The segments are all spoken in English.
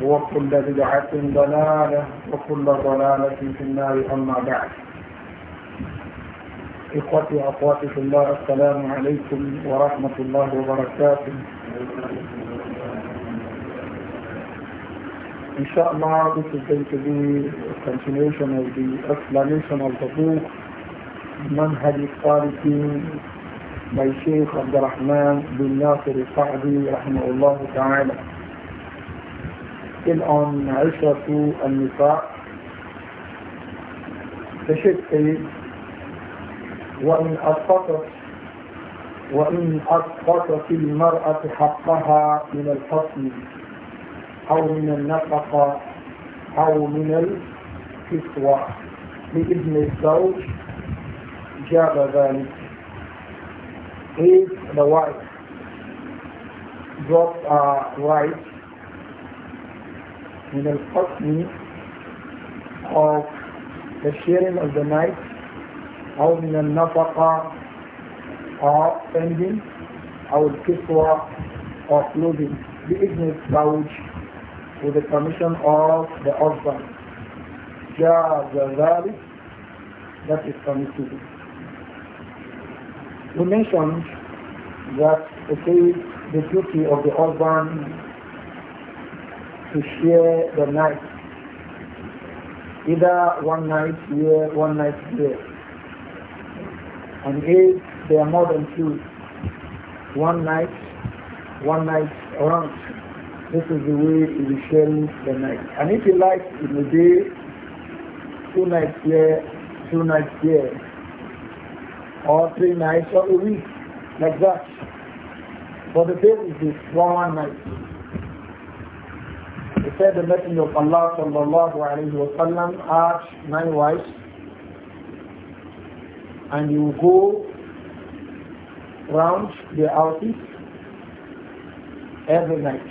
وكل بدعة ضلالة وكل ضلالة في النار أما بعد إخوتي أخواتي في الله السلام عليكم ورحمة الله وبركاته إن شاء الله this is going to be a continuation of the explanation of the book منهج الصالحين by Sheikh عبد الرحمن بن ناصر الصعدي رحمه الله تعالى سبع عشرة النساء the وإن أسقطت وإن أسقطت المرأة حقها من الحصن أو من النفقة أو من الكسوة بإذن الزوج جاب ذلك If the wife drops a right من القسم of the sharing of the night أو من النفقة or spending أو الكسوة or clothing بإذن الزوج with the permission of the husband that is ذلك that is permissible we mentioned that it is the duty of the husband to share the night. Either one night here, one night there. And if they are more than two, one night, one night around. This is the way we will share the night. And if you like, it will be two nights here, two nights there, or three nights or a week, like that. But the day is this one night. He said the Messenger of Allah sallallahu alayhi wa sallam asked nine wives and you go round the houses every night.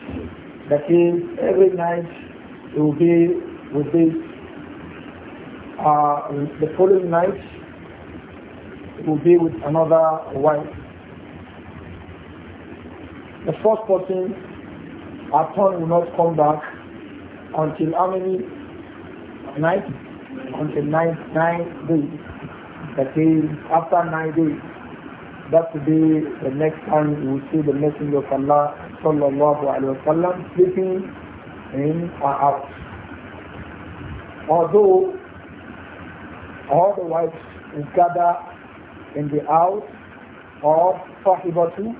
That is every night you will be with this uh, the following night you will be with another wife. The first person, our turn will not come back until how many night? Until nine, nine days. That is after nine days. That will be the next time we will see the Messenger of Allah sallallahu alayhi wa sallam sleeping in our house. Although all the wives will gather in the house of Sahibatu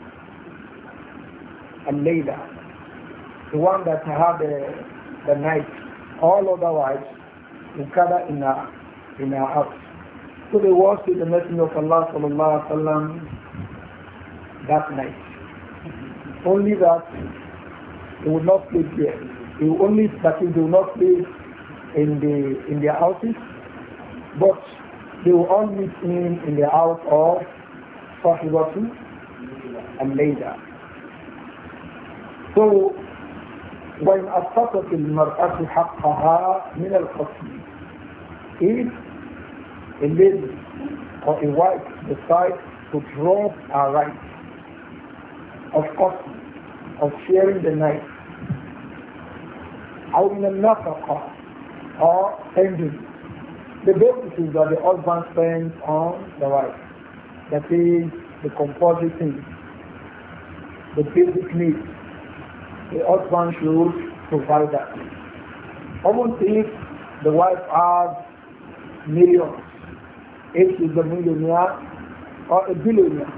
and Layla, the one that had the the night. All otherwise, we gather in our, in our house. So they walked the Messenger of Allah sallallahu alaihi wasallam that night. Only that they would not sleep here. They only that they do not sleep in the in their houses, but they will all meet him in the house of Sahibatu and later. So وإن أسقطت المرأة حقها من القتل if a lady or a wife decides to drop her right of course of sharing the night, أو من النفقة or ending the basis is that the husband spends on the wife that is the composite thing the basic needs the husband should provide that. Even if the wife has millions, if she's a millionaire or a billionaire,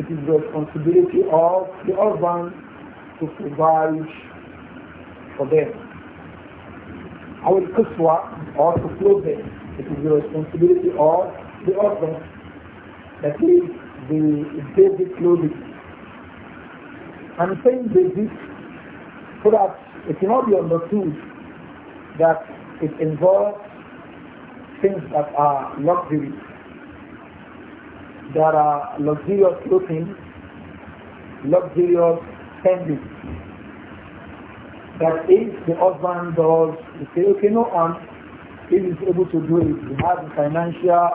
it is the responsibility of the husband to provide for them. Our kiswa or to clothe them, it is the responsibility of the husband. That is the basic clothing. I'm saying basic so that it cannot be understood that it involves things that are luxury. There are luxurious clothing, luxurious spending. That if the husband does, he say, okay, no, aunt, he is able to do it. He has the financial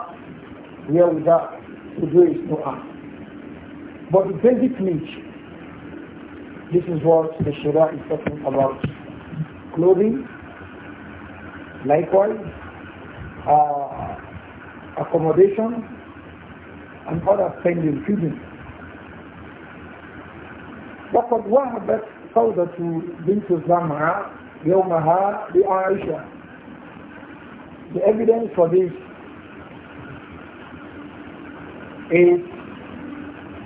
wherewithal to do it, no aunt. But the basic need this is what the Shura is talking about. Clothing, likewise, uh, accommodation, and other spending, feeding. وقد وهبت سودة بنت bring يومها لعائشة. The evidence for this is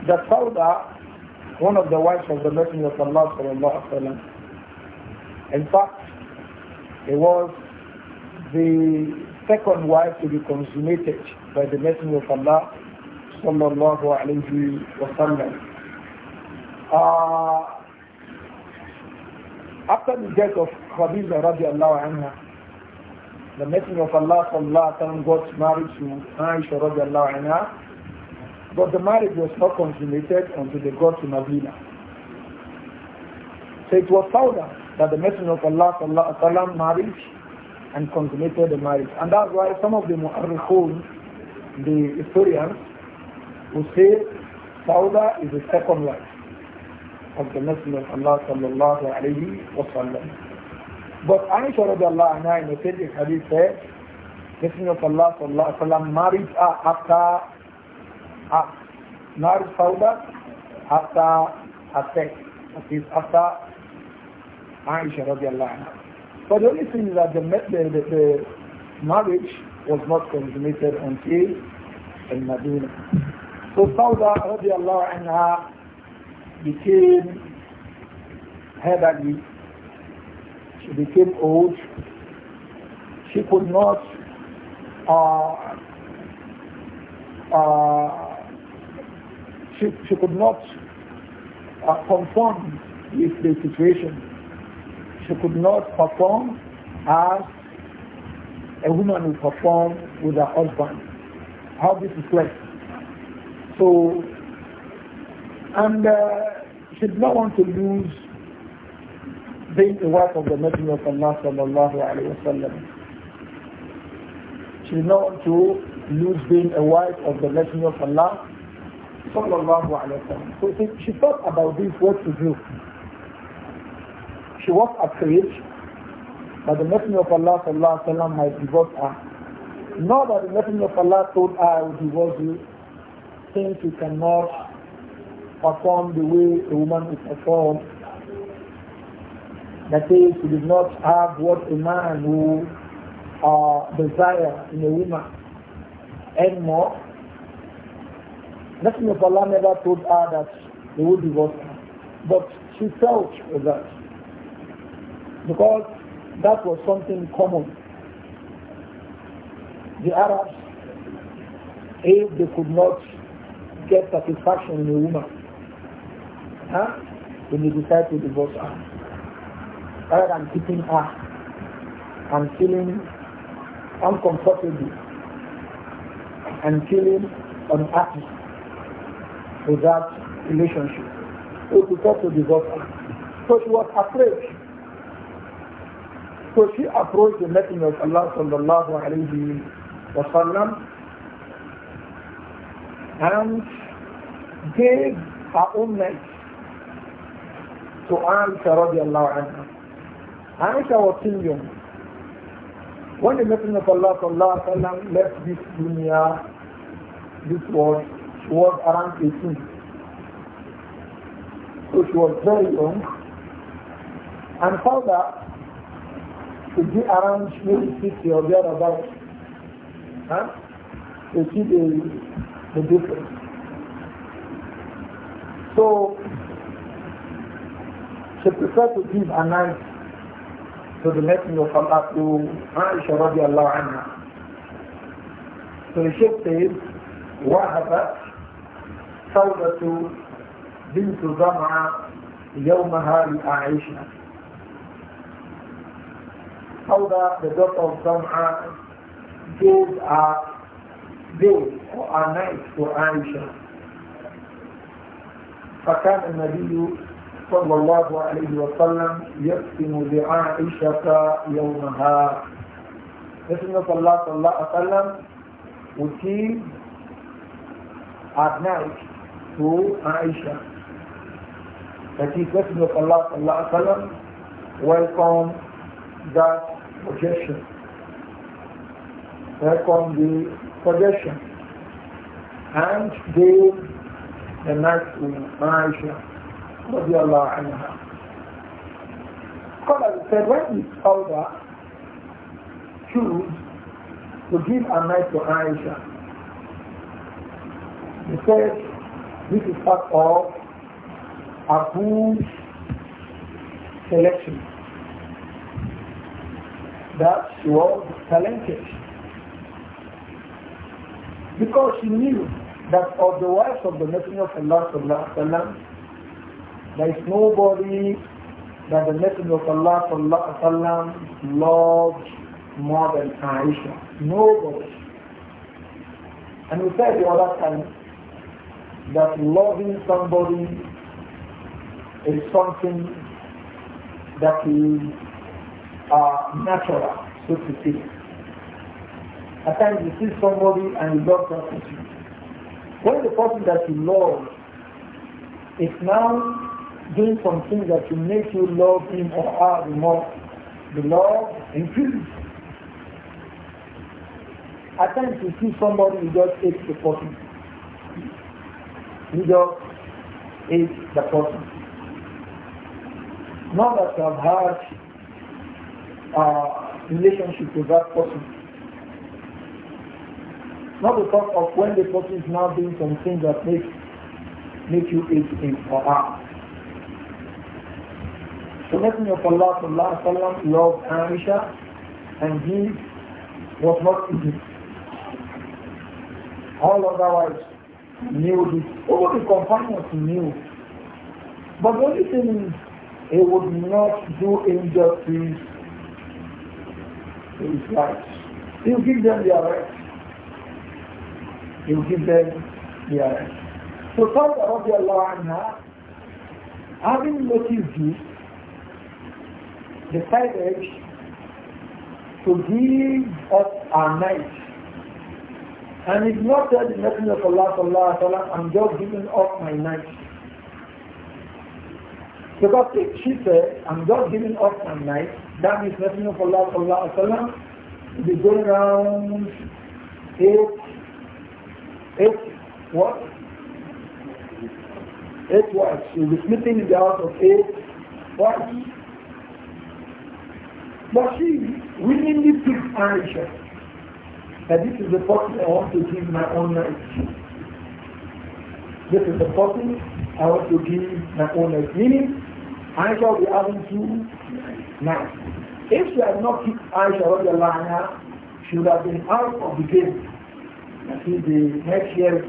that Sauda one of the wives of the Messenger of Allah sallallahu alaihi wasallam. In fact, it was the second wife to be consummated by the Messenger of Allah sallallahu alaihi wasallam. Uh, after the death of Khadija radiallahu anha, the Messenger of Allah sallallahu alaihi wasallam got married to Aisha radiallahu anha but the marriage was not consummated until they got to Medina. So it was Sauda that the Messenger of Allah sallallahu married and consummated the marriage. And that's why some of the mu'arrikhun, the historians, who say Sauda is the second wife of the Messenger of Allah sallallahu alaihi wasallam. But Aisha radiallahu anha in the hadith said, Messenger of Allah sallallahu alaihi wasallam, married her after Ah, Nar Sauda after Hasek, that is after Aisha radiallahu anha. But the only thing is that the, the, the, the marriage was not consummated until in Medina. So Sauda radiallahu anha became elderly. She became old. She could not uh, uh, she, she could not uh, conform with the situation. She could not perform as a woman would perform with her husband. How this is like? So, and uh, she did not want to lose being the wife of the Messenger of Allah sallallahu alayhi wa sallam. She did not want to lose being a wife of the Messenger of Allah Sallallahu wa Wasallam. So she thought about this, what to do. She was afraid that the Messenger of Allah Sallallahu wa Wasallam might divorce her. Not that the Messenger of Allah told her, I will divorce you, since you cannot perform the way a woman is performed. That is, you did not have what a man who uh, desire in a woman anymore Nothing, of Allah never told her that he would divorce her. But she felt that. Because that was something common. The Arabs, if they could not get satisfaction in a woman, huh, then they decide to divorce her. Rather than keeping her and feeling uncomfortable and feeling unhappy with that relationship. So to talk to the her. So she was afraid. So she approached the Messenger of Allah sallallahu alayhi wa sallam and gave her own to Aisha radiallahu anha. Aisha was still young. When the Messenger of Allah sallallahu alayhi wa sallam left this dunya, this world, was around 18. So she was very young. And that to be around maybe 60 or thereabouts. Huh? You see the, the difference. So she preferred to give a knife to the Messenger of Allah to Aisha radiallahu anha. So the Sheikh says, happened? ثوبة بنت ضمعة يومها لأعيشها ثوبة the daughter of ضمعة gave a وعايشة فكان النبي صلى الله عليه وسلم يقسم بعائشة يومها Messenger of صلى الله عليه وسلم would give to Aisha. That is Messenger of Allah sallallahu welcome that projection, Welcome the projection, And gave the night to Aisha radiallahu anha. Scholars said when his elder choose to give a night to Aisha, he said this is part of a good selection. That she was talented. Because she knew that of the wives of the Messenger of Allah sallallahu there is nobody that the Messenger of Allah sallallahu sallam loved more than Aisha. Nobody. And we said the other time that loving somebody is something that is uh, natural, so to speak. At times you see somebody and you love that person. When the person that you love is now doing something that will make you love him or her more, the love increases. At times you see somebody and just hate the person leader is the person. Now that you have had a uh, relationship with that person, not to talk of when the person is now doing something that makes make you hate him or her. So Messenger of Allah sallallahu alaihi wasallam loved Aisha and he was not easy. All otherwise knew this. All the companions knew. But the only thing is, he would not do injustice to his rights. He will give them their rights. He will give them their rights. So Saudi Arabia, anha, having noticed this, decided to give us our night and if not that the Messenger of Allah sallallahu alayhi wa I'm just giving up my night. Because if she said, I'm just giving up my night, that means Messenger of Allah sallallahu alayhi wa go be going around eight, eight, what? Eight wives. She'll be sleeping in the house of eight wives. But she willingly picked Aisha that this is the person I want to give my own life. This is the person I want to give my own life. Meaning, I shall be having two now. If she had not kicked Aisha Radiallahu she would have been out of the game. I see the next year,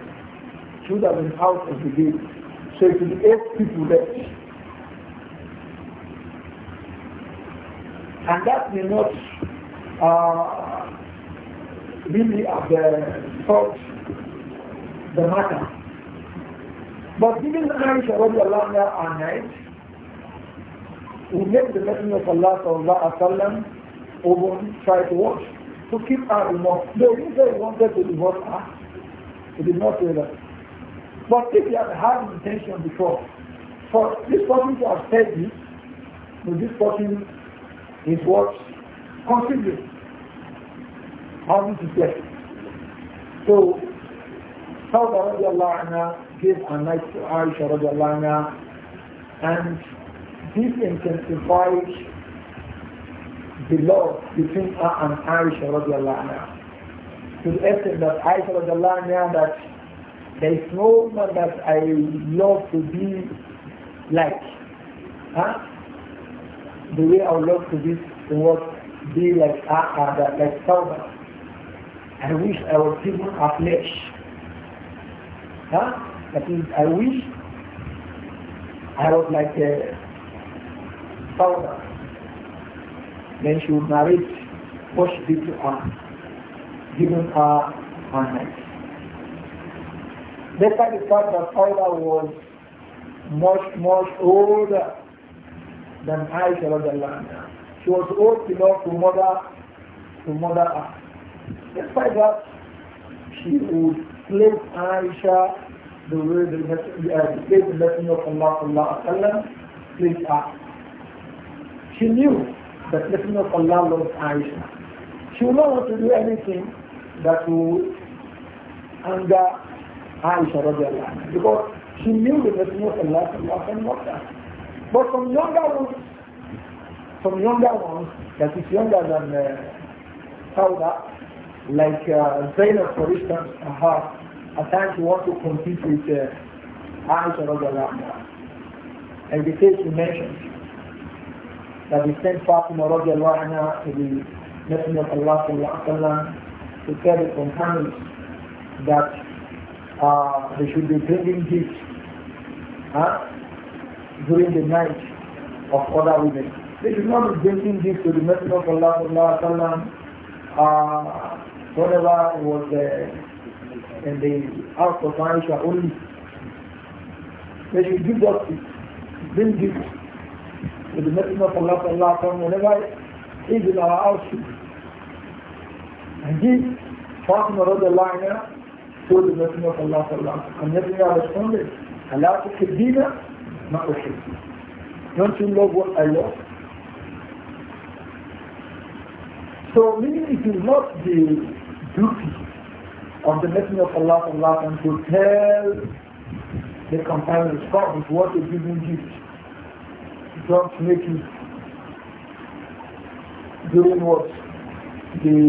she would have been out of the game. So it will be eight people left. And that may not uh, really of the thought the matter. But given Aisha radiallahu anha our night, we make the Messenger of Allah sallallahu wa wasallam open try to watch to keep our remote. They didn't he wanted to divorce her. He did not say that. But if you have had intention before, for this person to have said this, this person is what considering how did he get So, Sauda radiallahu anha gave a night to Aisha radiallahu anha and this intensified the love between her and Aisha radiallahu anha. To the extent that Aisha radiallahu anha that there is no man that I love to be like. Huh? The way I would love to be, to be like her, uh, uh, like Sauda. I wish I people are a flesh. Huh? That is, I wish I was like a powder. Then she would marry, what she did to her, given her one night. Despite the fact that powder was much, much older than Aisha She was old enough to mother, to mother her. Despite that, she would place Aisha the way the, uh, the Messenger of Allah sallallahu alayhi placed her. She knew that the Messenger of Allah loves Aisha. She would not want to do anything that would anger Aisha radiallahu because she knew the Messenger of Allah sallallahu alayhi loved her. But from younger ones, from younger ones, that is younger than uh, Sauda, like uh, Zainab, for instance, her, at times she wants to compete with uh, Aisha And the case you mentioned, that we sent Fatima anha to the Messenger of Allah وسلم, to tell the companions that uh, they should be bringing this huh, during the night of other women. They should not be drinking gifts to the Messenger of Allah وسلم, uh, whenever he was uh, in the house of Aisha only, they should give us bring gifts to the Messenger of Allah Allah, alaihi whenever he's in our house. And give Fatima radiallahu anha to the Messenger of Allah sallallahu And Messenger responded, Allah not a uhibbi. Don't you love what I love? So meaning it is not the duty on the Messenger of Allah, Allah and to tell the companions, God is what a giving gift. Don't make it during what the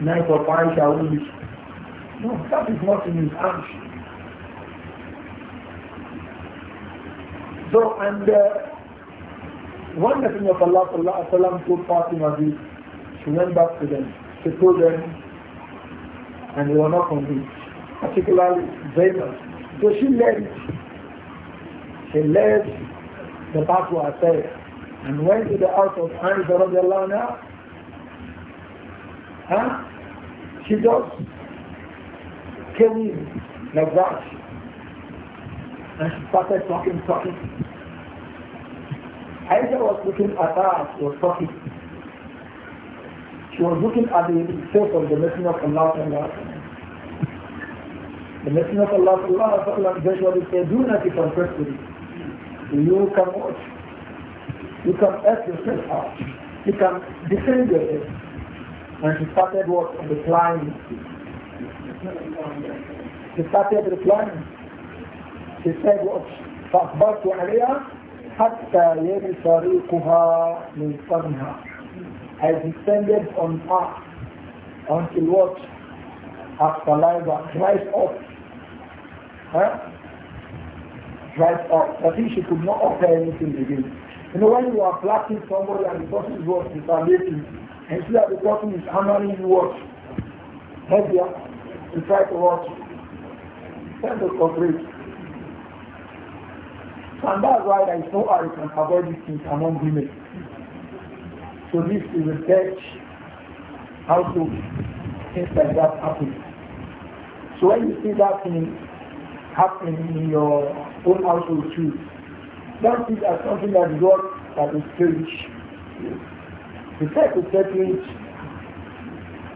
night of Aisha will No, that is not in his hands. So, and uh, one Messenger of Allah, Allah, Allah told Fatima this, she went back to them. She told them, and they were not convinced, particularly Zainab. So she led She led the battle herself and went to the house of Aisha radiallahu anha. Huh? She just came in like that and she started talking, talking. Aisha was looking at her, was talking. She was looking at the face of the Messenger of Allah The Messenger of Allah Allah, eventually said, do not be confessed to this. You can watch. You can help yourself out. You can defend yourself. And she started what? Replying. She started replying. She said what? فأخبرت عليها حتى يري طريقها من فمها I descended on earth until what? After life dries up. Huh? Dries up. I think she could not offer anything again. You know, when you are plucking somebody and the person is what? Retaliating. And see that the person is hammering you what? Heavier. You try to what? Send the corporate. And that's why there is no how you can avoid these things among women. So this is a search how to things like that happen. So when you see that thing happening in your own household too, don't see that something that God that is strange. You try to settle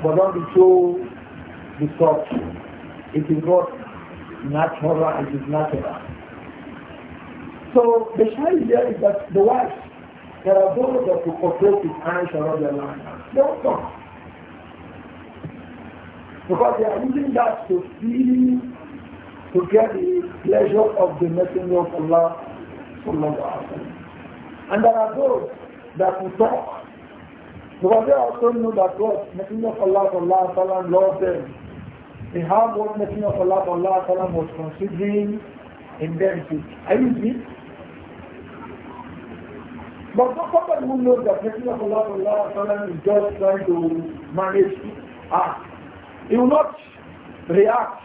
but don't be so disturbed. It is not natural, it is natural. So the challenge there is that the wife there are those that will his eyes Aisha radiallahu anha. Don't come. Because they are using that to feel, to get the pleasure of the Messenger of Allah sallallahu alaihi And there are those that will talk. Because they also know that God, Messenger of Allah Allah, Allah, wasallam loves them. They have what Messenger of Allah Allah, Allah was considering in them too. Are you with me? But somebody who knows that Messenger of Allah, Allah is just trying to manage us, ah, he will not react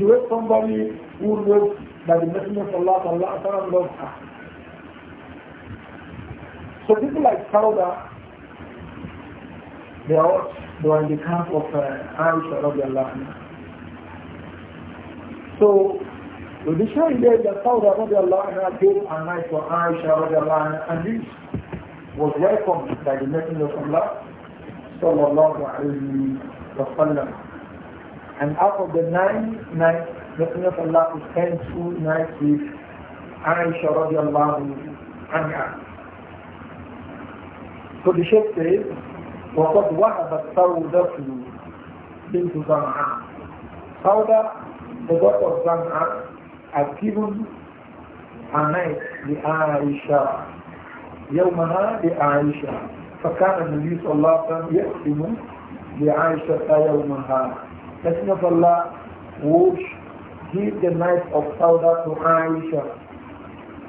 the way somebody who knows that the Messenger of Allah, Allah loves us. So people like Sauda, they are all, they are in the camp of uh, Aisha radiallahu anha. So so the story there that Sauda radiallahu gave a night to Aisha radiallahu and this was welcomed by the Messenger of Allah sallallahu alayhi wa sallam. And out of the nine nights, Messenger of Allah spent two nights with Aisha radiallahu anha. So the Sheikh says, وقد وهبت سودة بنت زمعة سودة the daughter of Zam'a have given a night لعائشة يومها لعائشة فكان النبي صلى الله عليه وسلم يختم لعائشة يومها Messenger of Allah would give the night of Sauda to Aisha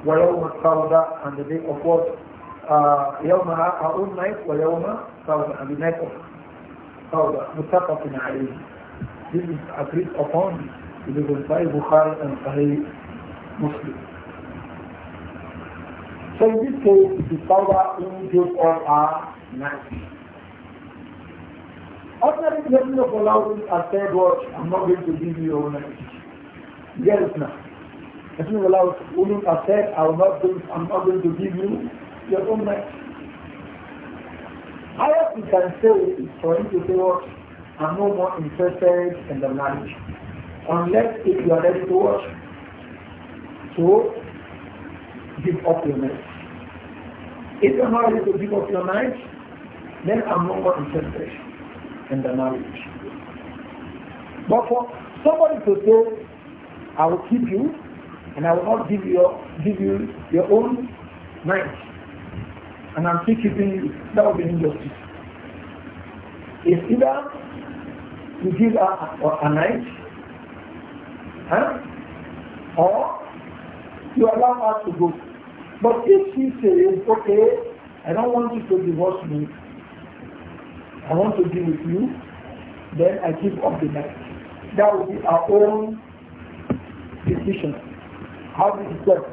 ويوم الصودة and the day of what uh, يومها our own night ويوم صودة and the night of صودة متفق عليه this is agreed upon Bukhari and Sahih Muslim. So in this case, the power in those all are nice. Ordinary level of allowance a third watch. I'm not going to give you your night. Yes, now. If you allow women are said I'm not going I'm not going to give you your own night. Highest you can say is for him to say what I'm no more interested in the marriage unless if you are ready to watch. So give up your mind. If you are not ready to give up your mind, then I'm not interested in the marriage. But for somebody to say, I will keep you and I will not give you give you your own mind. And I'm still keeping you, that would be injustice. If either you give her a, a, a night Huh? Or you allow her to go. But if she says, okay, I don't want you to divorce me, I want to be with you, then I give up the marriage. That will be our own decision. How we decide,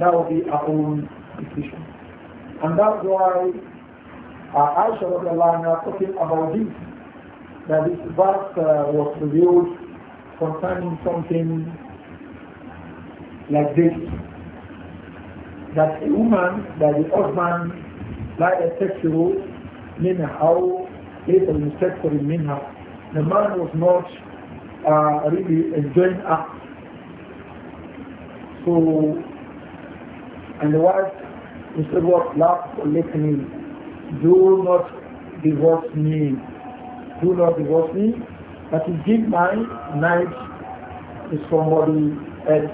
that will be our own decision. And that's why uh, Aisha was talking about this, that this verse uh, was revealed concerning something like this that a woman that the husband لا يستكثر منها for him mean her, the man was not uh, really enjoying her so and the wife instead what love let me do not divorce me do not divorce me that you give my knife to somebody else.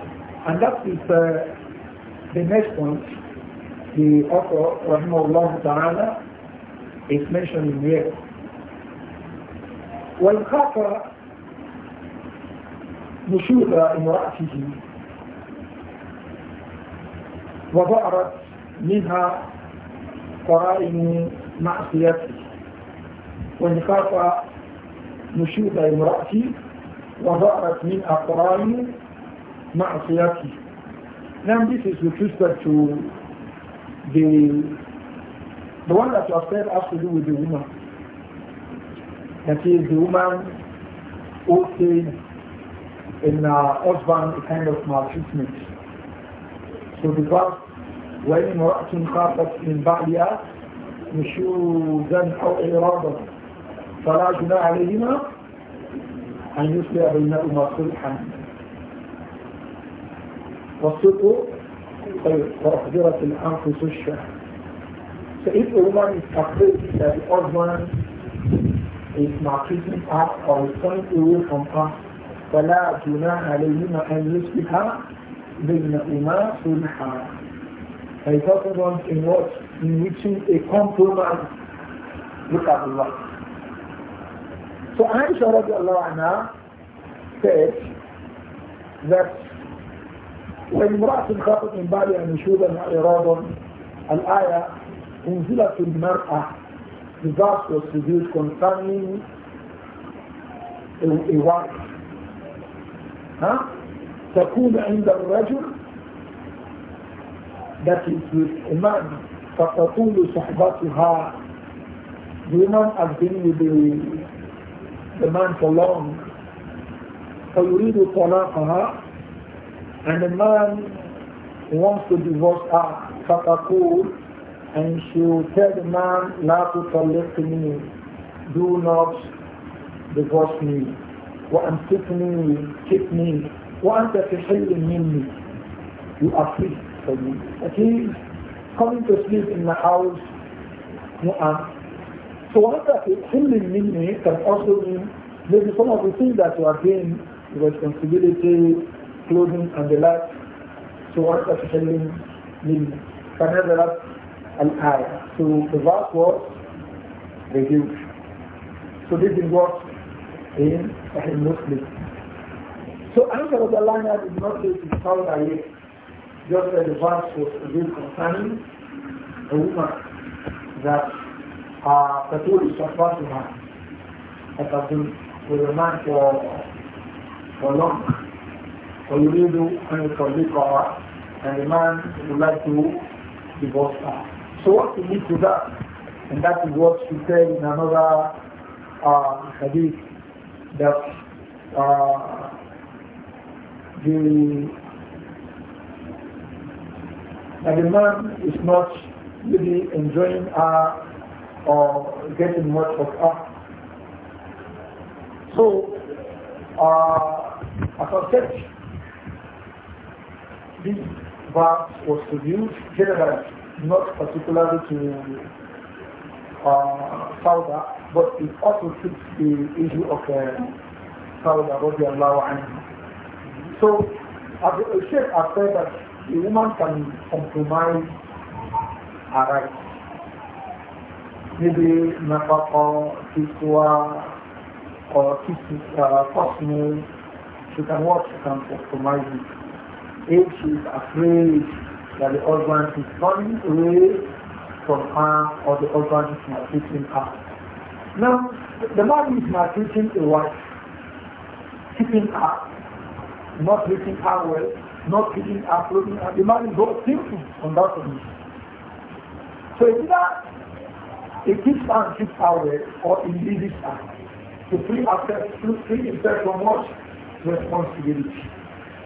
And that is uh, the next point. The author, Rahimahullah Ta'ala, is mentioning here. When وَالْخَافَ نشوذ امرأته وظهرت منها قرائن معصيته when خاف نشيط امرأتي وضعت من Now this is with respect to the the one that you have said has to do with the woman. That is the woman who sees in her husband a kind of maltreatment. So because when imra'atun you min ba'liha نشوزا أو إرادة فلا جناح عليهما أن يصلح بينهما صلحا والصدق خير وأحضرت الأنفس الشهر So if a woman is afraid that the man is maltreating up or is going away from her, فلا جناح عليهما أن يصلح بينهما صلحا I talk about in what? In reaching a compromise. Look at the right. So Aisha رضي الله عنها said that when مرأت خاطئ من بعد أن يشود الإرادة الآية انزلت المرأة disastrous to do concerning الإرادة ها تكون عند الرجل that is with a man فتطول صحبتها دوما أبدين بالإرادة the man for long. فَيُرِيدُ طَلَاقَهَا And the man wants to divorce her. فَتَقُولُ and she will tell the man not to collect me, do not divorce me, وأمسكني keep me, وأنت في حل مني, you are free for me. That is coming to sleep in my house, you are so what that is healing meaning can also mean maybe some of the things that you are doing, responsibility, clothing and the like. So what whatever healing meaning. فنزلت الآية. So the verse was reviewed. So this is what in Sahih Muslim. So Ansar of Allah did not say to Saul Ali, just as the verse was revealed concerning a woman that a فتولي شفراتها فتكون ظلمات وظلم ويريد أن يطلقها and the man would like to divorce her. So what to need to do, And that is what she said in another uh, hadith that uh, the that the man is not really enjoying her or getting much of us. So, uh, as I said, this verse was produced generally, not particularly to uh, Sauda, but it also fits the issue of uh, Sauda, radiallahu anhu. So, Sheikh has said that the woman can compromise her rights níbi napapọ̀ kíkúwa or kíkú personal she can watch she can compromise it if she is afraid that the husband is running away from her or the husband is maltreating her now the man is maltreating a wife keeping her not treating her well not treating her clothing the man is both sinful on that of me so it's either he keeps and keeps away or in this us to free ourselves, to free himself from what? Responsibility.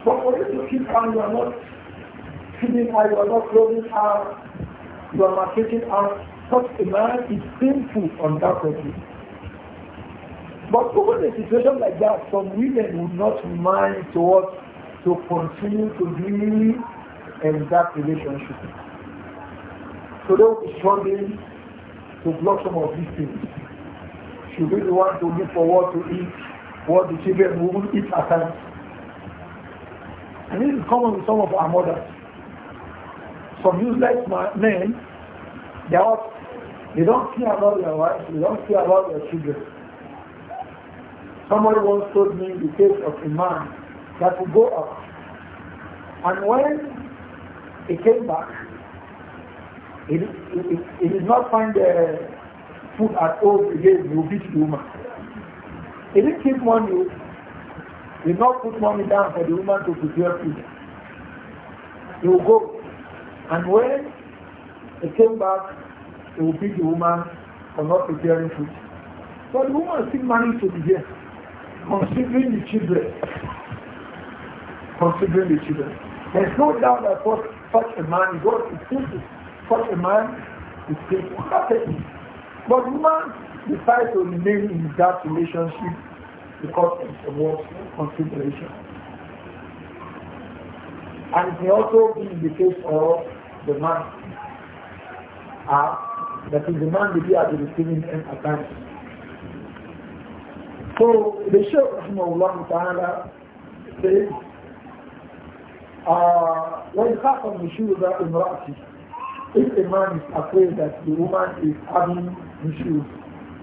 But for you to keep and you are not feeding her, you are not clothing her, you are marketing her, such a man is sinful undoubtedly. But even a situation like that, some women would not mind what to continue to be in that relationship. So they will be struggling to block some of these things. Should we the one to look forward to eat what the children will eat at times? And this is common with some of our mothers. Some useless men, they, are, they don't care about their wives, they don't care about their children. Somebody once told me the case of a man that would go out. And when he came back, he, did not find uh, food at all again, you beat the woman. He didn't keep money. He did not put money down for the woman to prepare food. He will go. And when he came back, he will beat the woman for not preparing food. But the woman still managed to be here, considering the children. Considering the children. There's no doubt that such a man is what it is such a man is faithful. But the man decides to remain in that relationship because of what consideration. And it may also be in the case of the man. Uh, that is the man will be at the receiving end at times. So the show, Shaykh Rahimahullah Ta'ala says, uh, وإن the النشوء ذات امرأته if a man is afraid that the woman is having issues,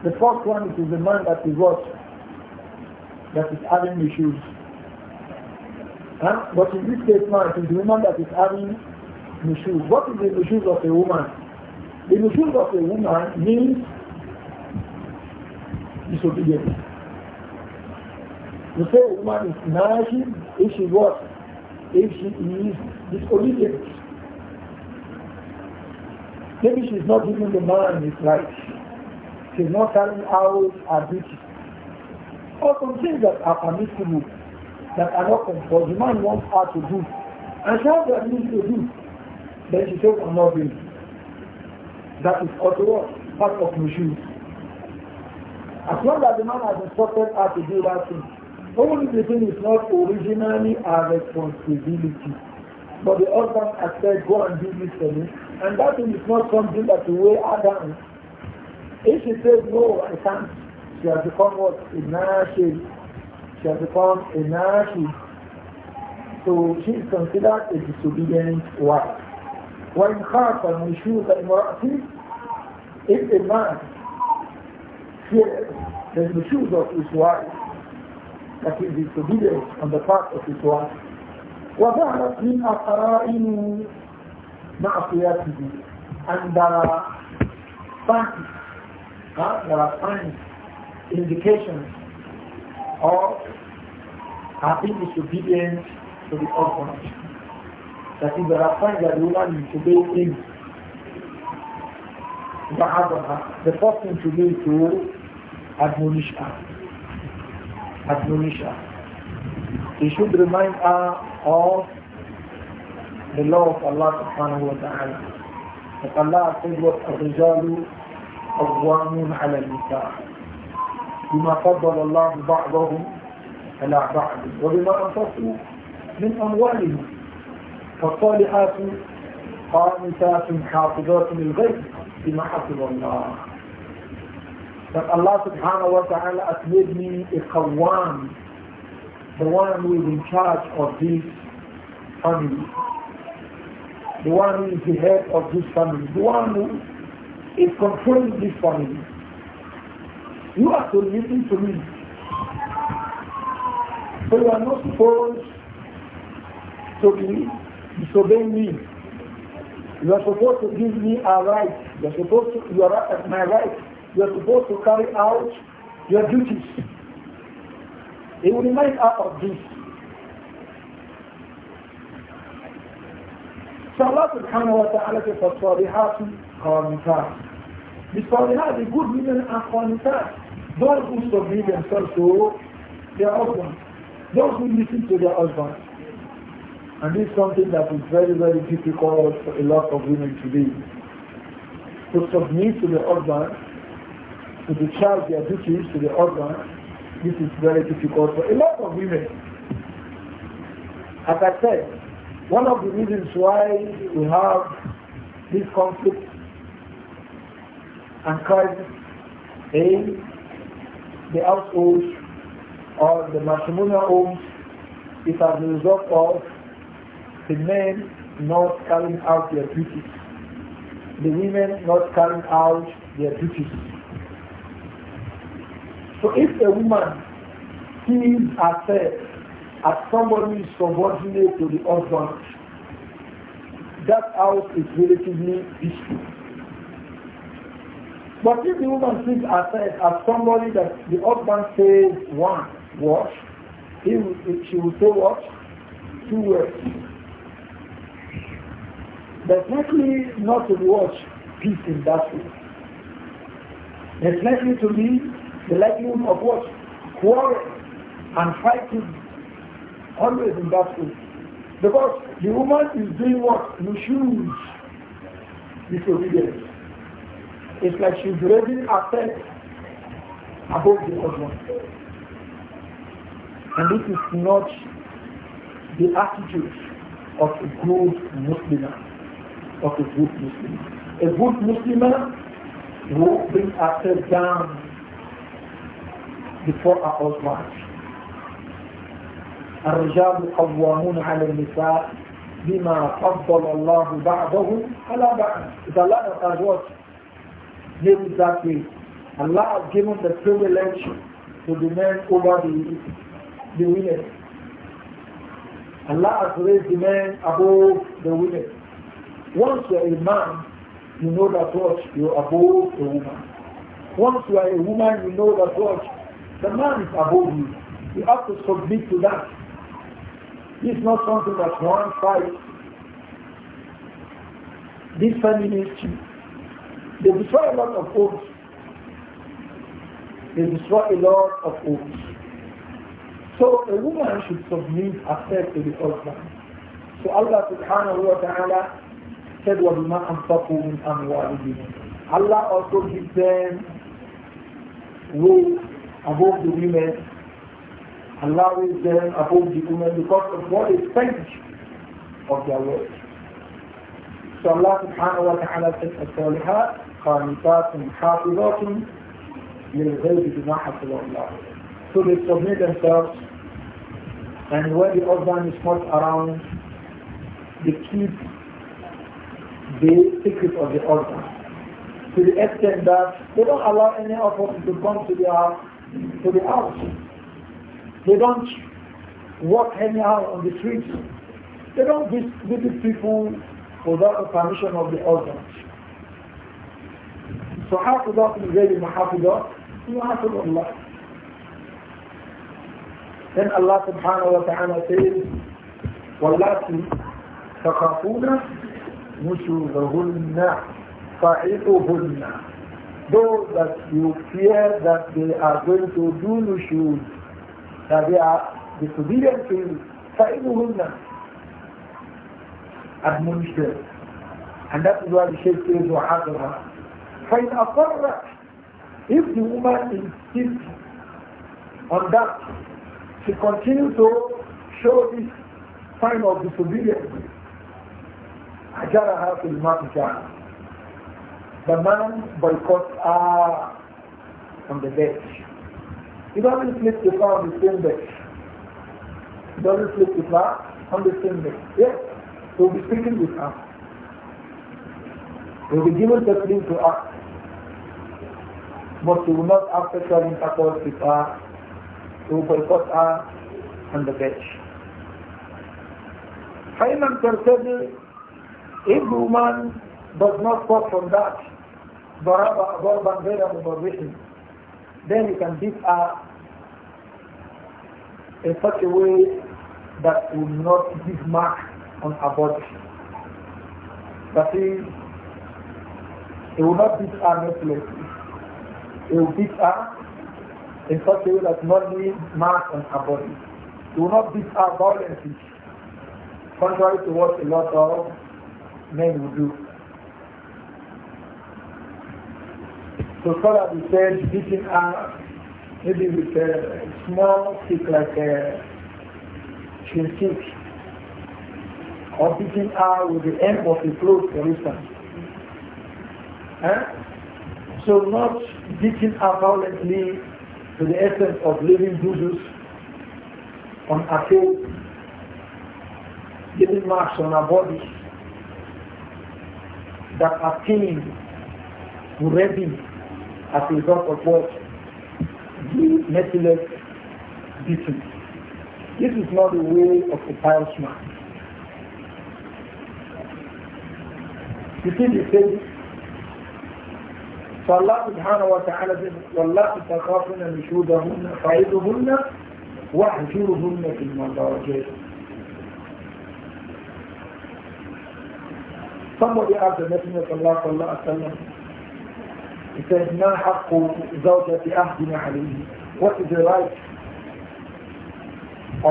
the first one is the man that is what? That is having issues. Huh? But in this case now, it is the woman that is having issues. What is the issues of a woman? The issues of a woman means disobedience. You say a woman is nashing if she what? If she is disobedient. Maybe she's not giving the man his right. She's not carrying out her duty. Or some things that are permissible, that are not for The man wants her to do. And she has the ability to do. Then she says, I'm not doing That is also what? Part of Mushu. As long as the man has instructed her to do that thing, only the thing is not originally her responsibility. But the husband has said, go and do this for me. And that thing is not something that will weigh her down. If she says, no, I can't, she has become what? A nashi. She has become a nashi. So she is considered a disobedient wife. وإن خاف النشوز امرأته if a man fears the shoes of his wife, that is disobedience on the part of his wife, وظهرت من أقرائن معصيته and there are signs, there are signs, indications of I think it's obedience to the orphanage. That if there are signs that the want to obeying in the other, the first thing to do is to admonish her. Admonish her. He should remind her or the law of Allah subhanahu wa ta'ala. That Allah said what الرجال قوامون على النساء بما فضل الله بعضهم على بعض وبما أنفقوا من أموالهم فالصالحات قانتات حافظات للغيب بما حفظ الله That Allah subhanahu wa ta'ala has made me a qawwam the one who is in charge of this family, the one who is the head of this family, the one who is controlling this family. You are to listen to me. So you are not supposed to be disobeying me. You are supposed to give me a right. You are supposed to, you are at my right. You are supposed to carry out your duties. They will remind us of this. So Allah subhanahu wa ta'ala says, فَالصَّالِحَاتُ قَانِتَاتُ The Salihat, the good women are qanitat. Those who submit themselves to their husband. Those who listen to their husband. And this is something that is very, very difficult for a lot of women to today. To submit to the husband, to discharge their duties to the husband, this is very difficult for a lot of women. As I said, one of the reasons why we have this conflict and crisis in the households or the matrimonial homes is as a result of the men not carrying out their duties, the women not carrying out their duties. So if a woman sees herself as somebody subordinate to the husband, that house is relatively peaceful. But if the woman sees herself as somebody that the husband says one watch he will, she will say what? Two words. There's likely not to be watch peace in that room. There's likely to be the likelihood of what? Quarrel and fighting always in that way. Because the woman is doing what? Nushuz. Disobedience. It's like she's raising head above the husband. And this is not the attitude of a good Muslim. Of a good Muslim. A good Muslim will bring herself down before her husband. الرجال قوامون على النساء بما فضل الله بعضهم على بعض. It's Allah that has what? Given that way. Allah has given the privilege to the men over the, the women. Allah has raised the men above the women. Once you are a man, you know that what? You are above a woman. Once you are a woman, you know that what? The man is above you. You have to submit to that. It's not something that one fights. This feminist, they destroy a lot of oaths. They destroy a lot of oaths. So a woman should submit herself to the husband. So Allah subhanahu wa ta'ala said, وَبِمَا أَنْفَقُوا مِنْ أَمْوَالِهِمْ Allah also gives them rules above the women, Allah raised them above the women because of what is spent of their words. So Allah subhanahu wa ta'ala said, الصالحات قانتات حافظات للغيب to حفظ الله. So they submit themselves and when the husband is not around, they keep the secret of the husband. To the extent that they don't allow any of us to come to their house to the house. They don't walk anyhow on the streets. They don't visit people without the permission of the husband. So حافظة في غير محافظة يحافظ الله. Then Allah سبحانه wa ta'ala says, واللاتي تخافون نشوذهن فعظهن those that you fear that they are going to do nushud, that they are disobedient to you, فَإِنُهُنَّ Admonish them. And that is why the Shaykh says, وَحَاقِرَهَا فَإِنْ أَقَرَّتْ If the woman insists on that, she continues to show this sign of disobedience, أَجَرَهَا فِي الْمَرْجَعَ the man boycotts are on the bench. He doesn't sleep with her on the same bench. He doesn't sleep with her on the same bench. Yes, he will be sleeping with her. He will be given the thing to us, But he will not have sexual intercourse with her. He will boycott her on the bench. فإن ترتدي if the woman does not stop from that ضربا غير مبرح then you can give her in such a way that will not give mark on abortion. That is, it will not beat her mercilessly. It will beat her in such a way that not leave mark on her body. It will not beat her violence. contrary to what a lot of men will do. So Salah we said beating her maybe with a small stick like a uh, chin stick or beating her with the end of the cloth for instance. Eh? So not beating her violently to the essence of living bruises on our face, giving marks on our body that are pain, ready as a result of what? The merciless beating. This is not the way of the pious man. You see he says, So سبحانه وتعالى, wa ta'ala says, وَاللَّهِ تَخَافُنَ نُشُودَهُنَّ فَعِدُهُنَّ وَحْجُرُهُنَّ فِي الْمَضَاجِرِ Somebody asked the Messenger of Allah "Allah alaihi wasallam, he said, ما حق زوجة أهدنا عليه? What is the right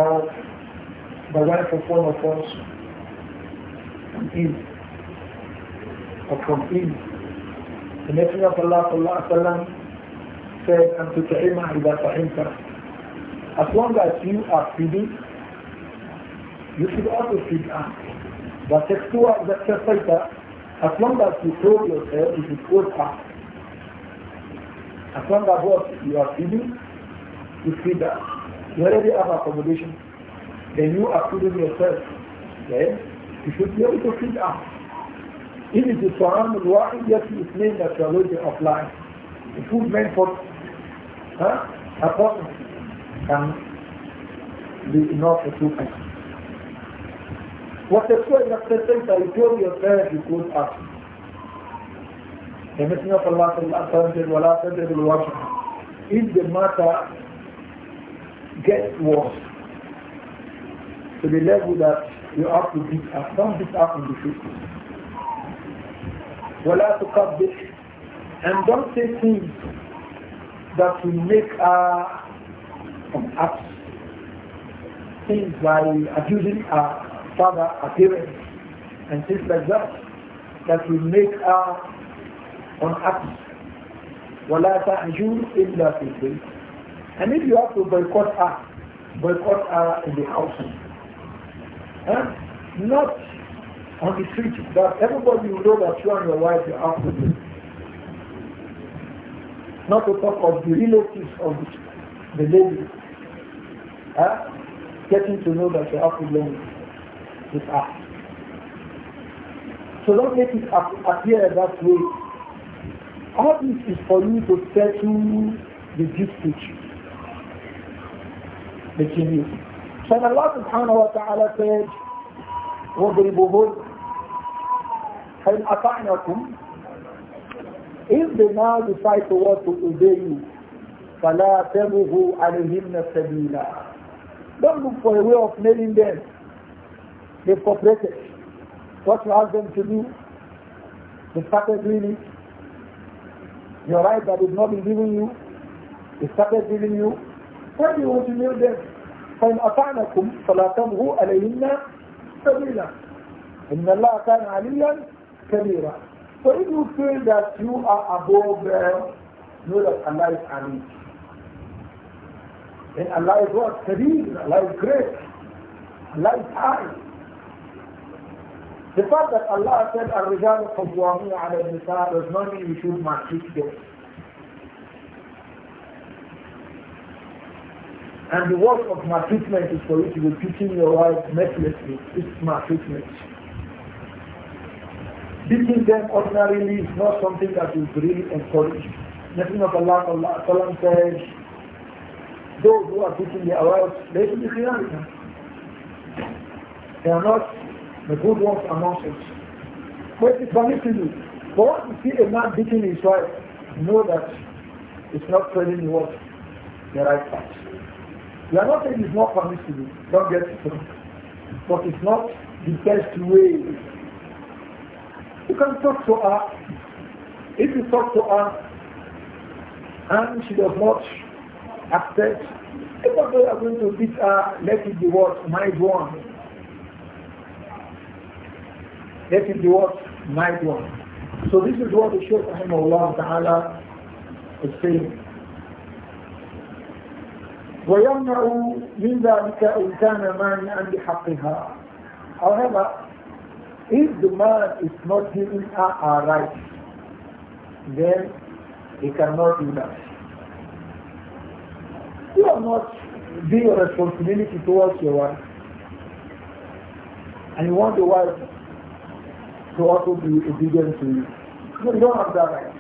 of the rightful form of us from him? Or from him? The Messenger of Allah sallallahu alayhi wa said, أن تطعم إذا طعمت. As long as you are feeding, you should also feed us. But if you are the that as long as you hold yourself, you should hold us. As long as what you are feeding, you feed that. You already have accommodation. Then you are feeding yourself. Okay? You should be able to feed us. If it is Quran al-Wahid, yes, it means that you are going to apply. The food meant for huh? a person can be enough for two people. Whatever you have said, you told yourself you could ask. The Messenger of Allah said, Wala tadribul wajh. If the matter gets worse, to the level that you have to beat up, don't beat up in the future. Wala tukabbih. And don't say things that will make her um acts. Things like abusing our father, her parents, and things like that, that will make her unhappy. وَلَا تَحْجُرْ إِلَّا فِي الْبَيْتِ And if you have to boycott her, boycott her in the house. Huh? Not on the street, but everybody will know that you and your wife are after Not to talk of the relatives of the, the lady. Huh? Getting to know that you have to with us. So don't let it appear that way all this is for you to settle the dispute between you. So Allah subhanahu wa ta'ala said, وَضْرِبُهُمْ فَإِنْ أَطَعْنَكُمْ If they now decide to want to obey you, فَلَا تَبُهُ عَلَيْهِمْنَ سَبِيلًا Don't look for a way of nailing them. They've cooperated. What you ask them to do, they started doing it. Your right that is not been you, it started giving you, When you want to kneel them? فإن أطعنكم فلا تبغوا عليهن سبيلا إن الله كان عليا كبيرا So if you feel that you are above them, know that Allah is Ali. And Allah is what? Kabir, Allah is great, Allah is high. The fact that Allah said الرجال قوامون ala النساء does not mean we should maltreat them. And the work of maltreatment is for you to be treating your wife mercilessly. It's maltreatment. Beating them ordinarily is not something that that is really encouraged. Nothing of Allah, Allah, Allah says, those who are beating their wives, they should be clear. They are not the good ones are nonsense. But it's permissible. But once you see a man beating his wife, know that it's not telling you what the right path. We are not saying it's not permissible. Don't get it wrong. But it's not the best way. You can talk to her. If you talk to her and she does not accept, if you are going to beat her, let it be what? Mind one. That is the what? Night one. So this is what the Shaykh Rahimahullah Ta'ala is saying. ويمنع من ذلك إن كان مانعا بحقها. However, if the man is not giving her her rights, then he cannot do that. You are not being responsibility towards your wife. And you want the wife to also be obedient to you. No, you don't have that right.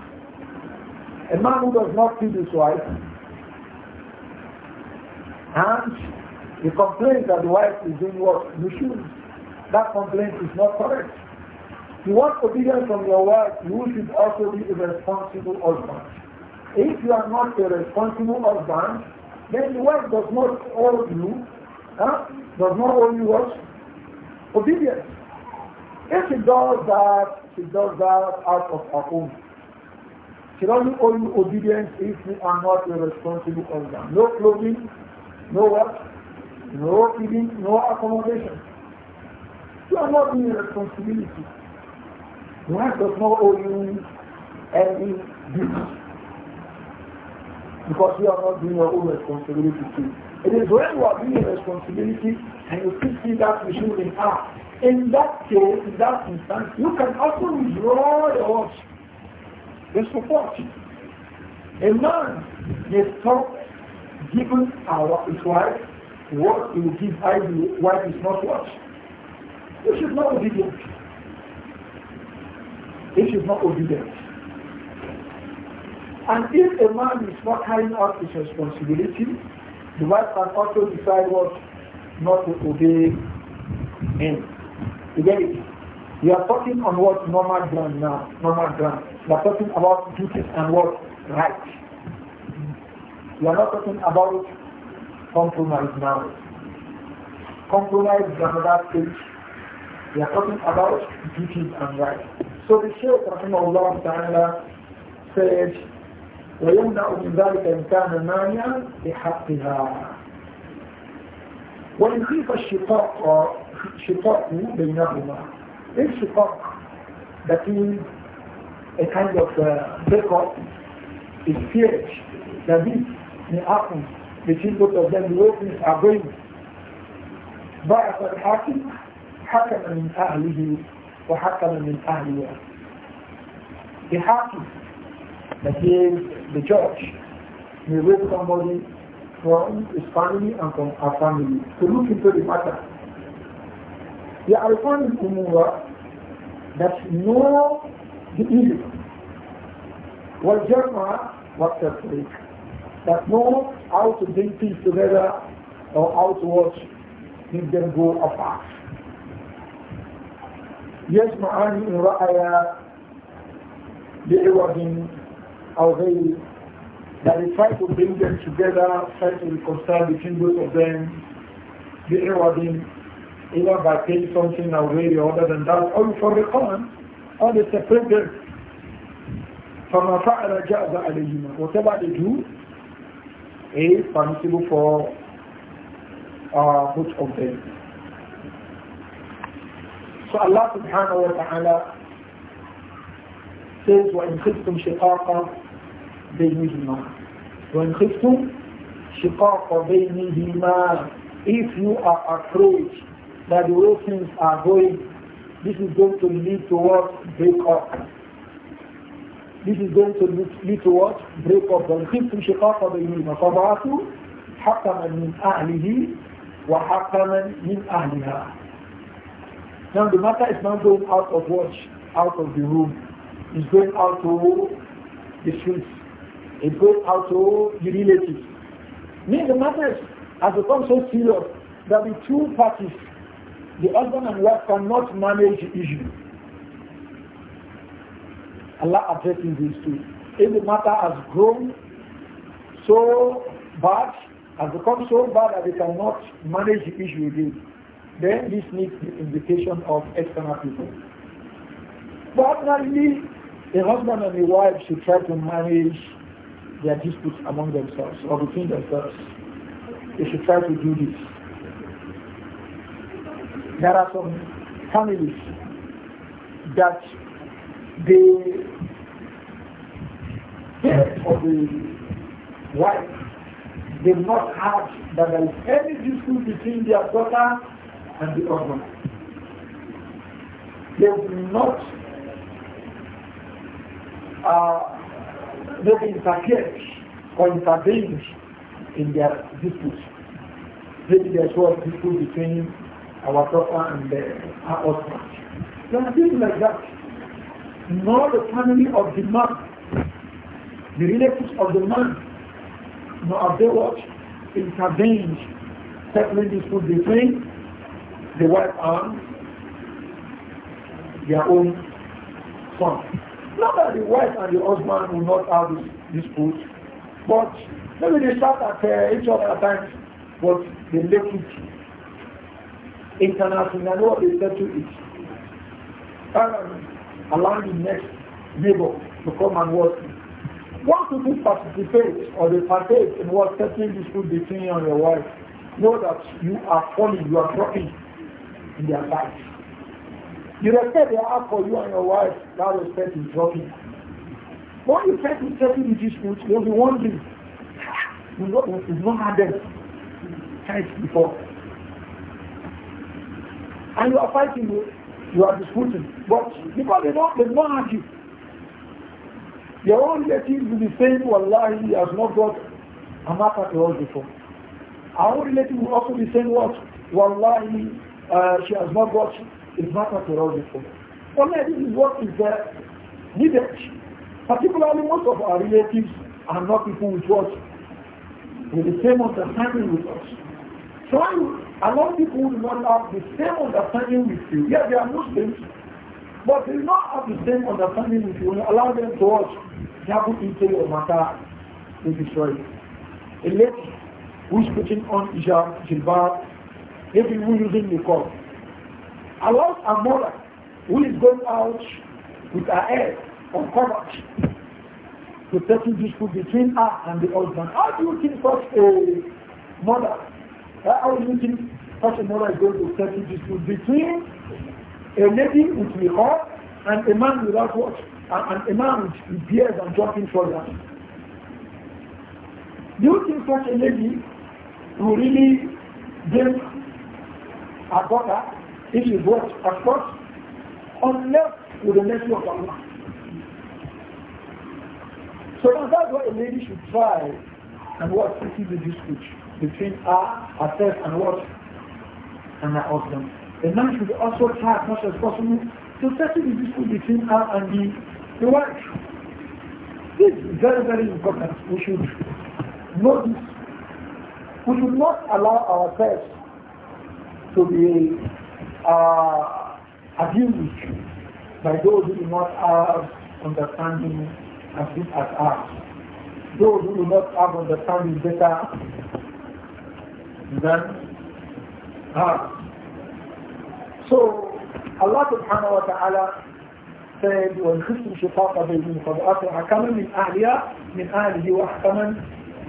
A man who does not feed his wife and he complains that the wife is doing what? You should. That complaint is not correct. You want obedience from your wife, you should also be a responsible husband. If you are not a responsible husband, then the wife does not owe you, huh? does not owe you what? Obedience. If she does that, she does that out of her own. She doesn't owe you obedience if you are not a responsible husband. No clothing, no work, no feeding, no accommodation. You are not in responsibility. Life does not owe you any duty. Because you are not doing your own responsibility too. It is when you are doing responsibility and you still see that issue in act in that case, in that instance, you can also withdraw your the support. A man may stop giving our, his wife what he will give I do, wife is not what. This is not obedient. This is not obedient. And if a man is not carrying out his responsibility, the wife can also decide what not to obey him. You get it? We are talking on what normal ground now, normal ground. We are talking about duties and what right. We are not talking about compromise now. Compromise is another stage. We are talking about duties and right. So the Shaykh Rahimahullah Ta'ala said, ويمنع من ذلك إن كان مانعا بحقها وإن خيف الشقاق شقاق بينهما ايه الشقاق ده a kind of uh, breakup is feared that this may happen between both of them the way are going بعث الحاكم حكما من أهله وحكما من أهلها the hakim that is the judge may raise somebody from his family and from her family to look into the matter يعرفون الأمور that know the evil والجمع والتفريق that know how to bring things together or how to watch make them go apart يجمعان إن رأيا بعوض أو غير that they try to bring them together, try to reconcile between both of them, بعوض either by saying something away or other than that, or for the Quran, all the separate them. فَمَا فَعَلَ جَعْزَ عَلَيْهِمَا Whatever they do is permissible for uh, both of them. So Allah subhanahu wa ta'ala says, وَإِنْ خِفْتُمْ شِقَاقًا بَيْنِهِمَا وَإِنْ خِفْتُمْ شِقَاقًا بَيْنِهِمَا If you are approached that the way things are going, this is going to lead to what? Break up. This is going to lead to what? Break up. وَإِنْ خِفْتُمْ شِقَاقَ بَيْنِهِمَا فَبَعَثُوا حَكَمًا مِنْ أَهْلِهِ وَحَكَمًا مِنْ أَهْلِهَا Now the matter is not going out of watch, out of the room. It's going out to the streets. It's going out to the relatives. Means the matter has become so serious that the two parties the husband and wife cannot manage the issue. Allah addressing these two. If the matter has grown so bad, has become so bad that they cannot manage the issue again, then this needs the invitation of external people. But ordinarily, a husband and a wife should try to manage their disputes among themselves or between themselves. They should try to do this. There are some families that the death of the wife they not have that there is any dispute between their daughter and the husband. They will not uh, they will interfere or intervene in their dispute. Maybe there's what dispute between our daughter and the her husband. There are things like that. Not the family of the man, the relatives of the man, nor have they what? Intervened, settling this food between the wife and their own son. Not that the wife and the husband will not have this dispute, but maybe they start at uh, each other at times, but they it international law they settle it. Parents allowing the next neighbor to come and work. Once people participate or they partake in what setting this food between you and your wife, know that you are falling, you are dropping in their life. You respect they have for you and your wife, that respect is dropping. When you try to settle the dispute, you'll be wondering, you've not had Thanks before and you are fighting, you, you are disputing. But because they don't, they don't argue. Your own relatives will be saying, Wallahi, he has not got a matter to us before. Our relatives relative will also be saying, What? Wallahi, uh, she has not got a matter to us before. Wallahi, this is what is uh, needed. Particularly, most of our relatives are not people with what? With the same understanding with us. So a lot of people do not have the same understanding with you. Yeah, they are Muslims, but they do not have the same understanding with you. Allow them to watch Jabu Ite or Mata, they destroy it. A lady who is putting on hijab, jilbab, maybe who using niqab. Allow a mother who is going out with her head uncovered to this food between her and the husband. How do you think such a mother how do you think such a mother is going to settle dispute between a lady with heart and a man without what? And, a man with beard and dropping shoulders. Do you think such a lady will really give her daughter if she works of course, unless with the mercy of Allah? So that's why a lady should try and what is the dispute between our herself and what? And our husband. The man should also try as much as possible to settle the dispute between her and the, the wife. This is very, very important. We should know this. We should not allow ourselves to be uh, abused by those who do not have understanding as deep as us. Those who do not have understanding better then, her. Ah. So Allah subhanahu wa ta'ala said والخصم شقاق in قد in كمن من أهلها من in وحكما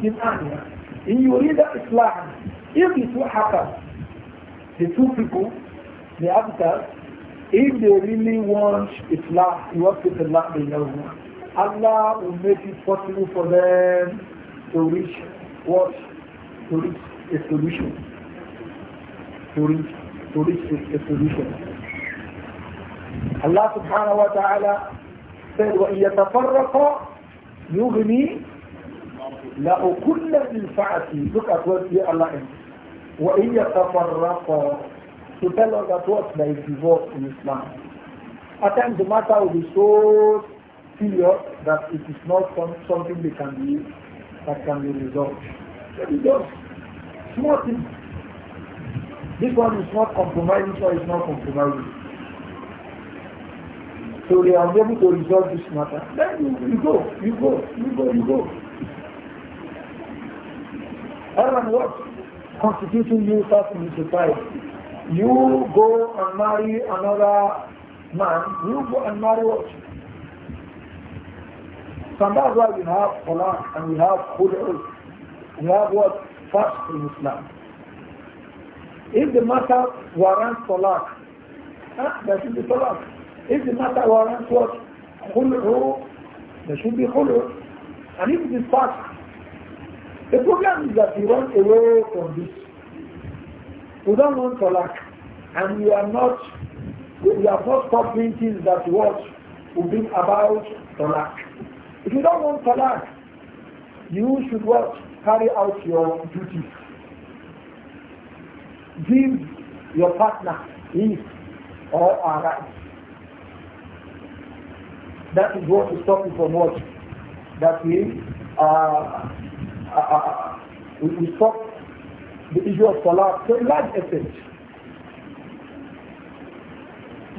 من أهلها إن يريد إصلاحا if it will happen the two people the avatars if they really want Islah they know بينهما Allah will make it possible for them to reach what to reach a solution. To reach, to reach a solution. Allah subhanahu wa ta'ala said, وَإِن يَتَفَرَّقَ يُغْنِي لَأُكُلَّ مِنْ فَعَتِي Look at what here Allah ends. وَإِن يَتَفَرَّقَ To tell us that what there is divorce in Islam. At times the matter will be so serious that it is not something that can be, that can be resolved. Let me just small This one is not compromising, so it's not compromising. So they are able to resolve this matter. Then you, you go, you go, you go, you go. Other what? Constitution you have in society. You go and marry another man, you go and marry what? And that's why we have Qur'an and we have Qud'ud. We have what? fast in Islam. If the matter warrants talaq, ah, there should be talaq. If the matter warrants what? Khul'u, there should be khul'u. And if it is fast, the problem is that we run away from this. We don't want talaq. And we are not, we are not stopping things that what will bring about talaq. If you don't want talaq, you should watch carry out your duties. Give your partner his or her rights. That is what will stop you from what? That we, uh, uh, uh, uh we, stop the issue of salah to a large extent.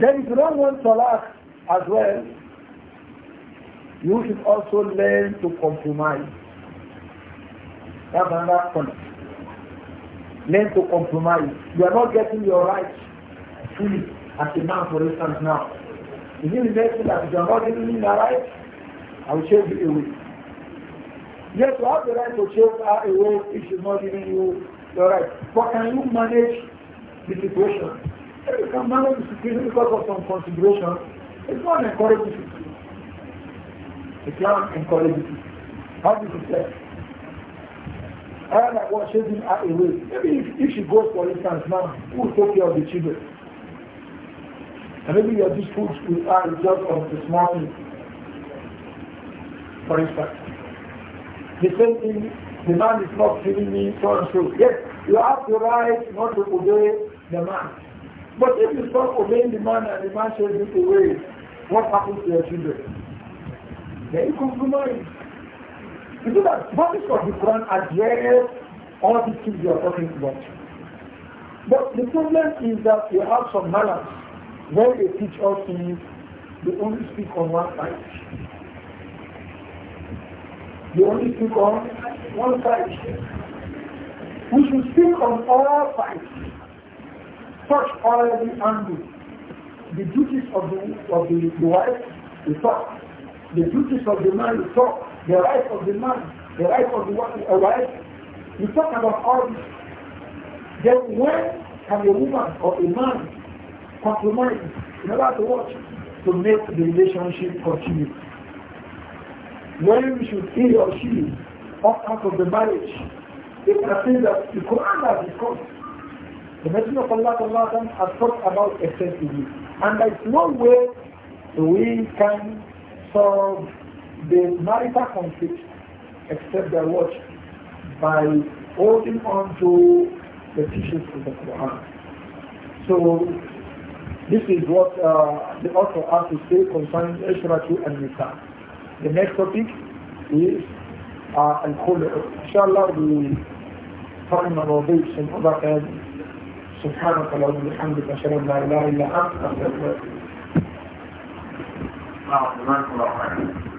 Then if you don't want salah as well, you should also learn to compromise. That's another corner. Learn to compromise. You are not getting your rights fully as a man, for instance, now. If you necessary that if you are not giving your rights, I will shave you away. Yes, you have the right to shave her away if she's not giving you your rights, But can you manage the situation? If you can manage the situation because of some consideration, it's not encouraging. It's not it. How do you say? and I was chasing her away. Maybe if, if she goes, for instance, now, who will take care of the children? And maybe you are with her is just of this morning, for instance. The same thing, the man is not giving me so and so. Yes, you have the right not to obey the man. But if you stop obeying the man and the man chases you away, what happens to your children? They compromise. You see that verses of the Quran address all the things you are talking about. But the problem is that we have some manners when they teach us things, they only speak on one side. They only speak on one side. We should speak on all sides. Touch all every angle. The duties of the of the, the wife, we talk. The duties of the man, we talk. the right of the man, the right of the woman, a uh, right. You talk about all this. Then when can a woman or a man compromise in order to watch to make the relationship continue? When should he or she opt out of the marriage? It is I say that the Quran has discussed, the Messenger of Allah, Allah has talked about excessively. And there is no way we can solve the marital conflict except their watch by holding on to the teachings of the Quran. So this is what uh, the author has to say concerning Ishratu and Nisa. The next topic is uh, Al-Khulu. Inshallah we talking about this some other time. سبحانك اللهم وبحمدك اشهد ان لا اله الا انت استغفرك.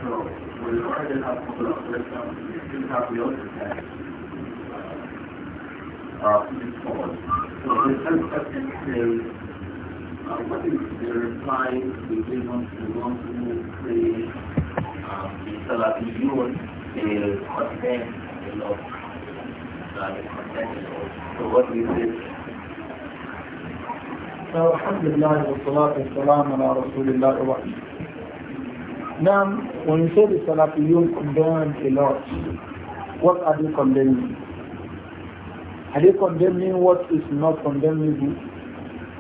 So we started up with the calculation test. Uh, so the first question is, uh, what is the reply we give on to one who says um, the Salafiyun is condemned the law? Uh, condemned the law. So what is it? الحمد لله والصلاة والسلام على رسول الله وبعد now, when you say the you condemn a lot, what are you condemning? Are they condemning what is not condemnable?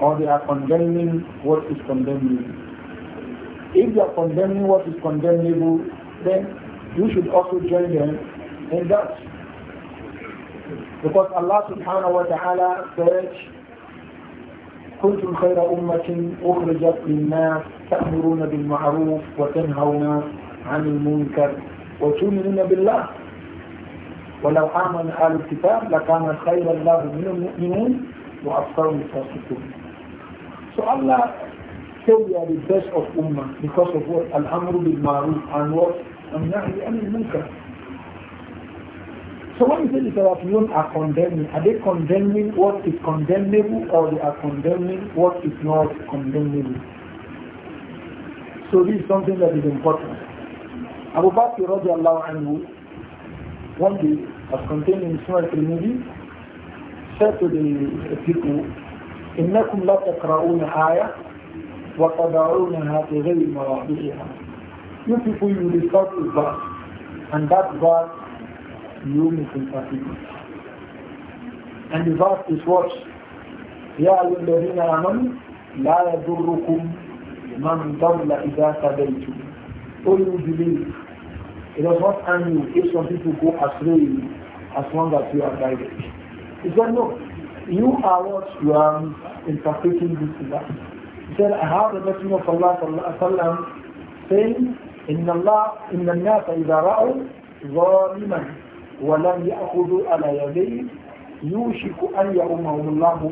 Or they are condemning what is condemnable? If they are condemning what is condemnable, then you should also join them in that. Because Allah subhanahu wa ta'ala says, كنتم خير أمة أخرجت للناس تأمرون بالمعروف وتنهون عن المنكر وتؤمنون بالله ولو آمن أهل الكتاب لكان خير الله من المؤمنين وأكثرهم الفاسقون So Allah said we are the best of Ummah because of what? Al-Amru bil Ma'ruf and what? Al-Nahi al-Munkar. So when you say the Seraphim are condemning, are they condemning what is condemnable or they are condemning what is not condemnable? So this is something that is important. Abu Bakr Allah anhu, one day, as contained in Surah Al-Tirmidhi, said to the people, إنكم لا تقرؤون آية وتضعونها في غير مواضعها. You people, you discuss a verse, and that verse يوم الفاتحة And the verse this what? يا أيها الذين آمنوا لا يضركم من ضل إذا تبيتم All you believe, it does not harm you if some people go astray as long as you are guided. He said, no, you are what you are interpreting this that. He said, I have the Messenger of Allah sallallahu wa wasallam saying, إن الله إن الناس إذا رأوا ظالما ولم يأخذوا على يديه يوشك أن الله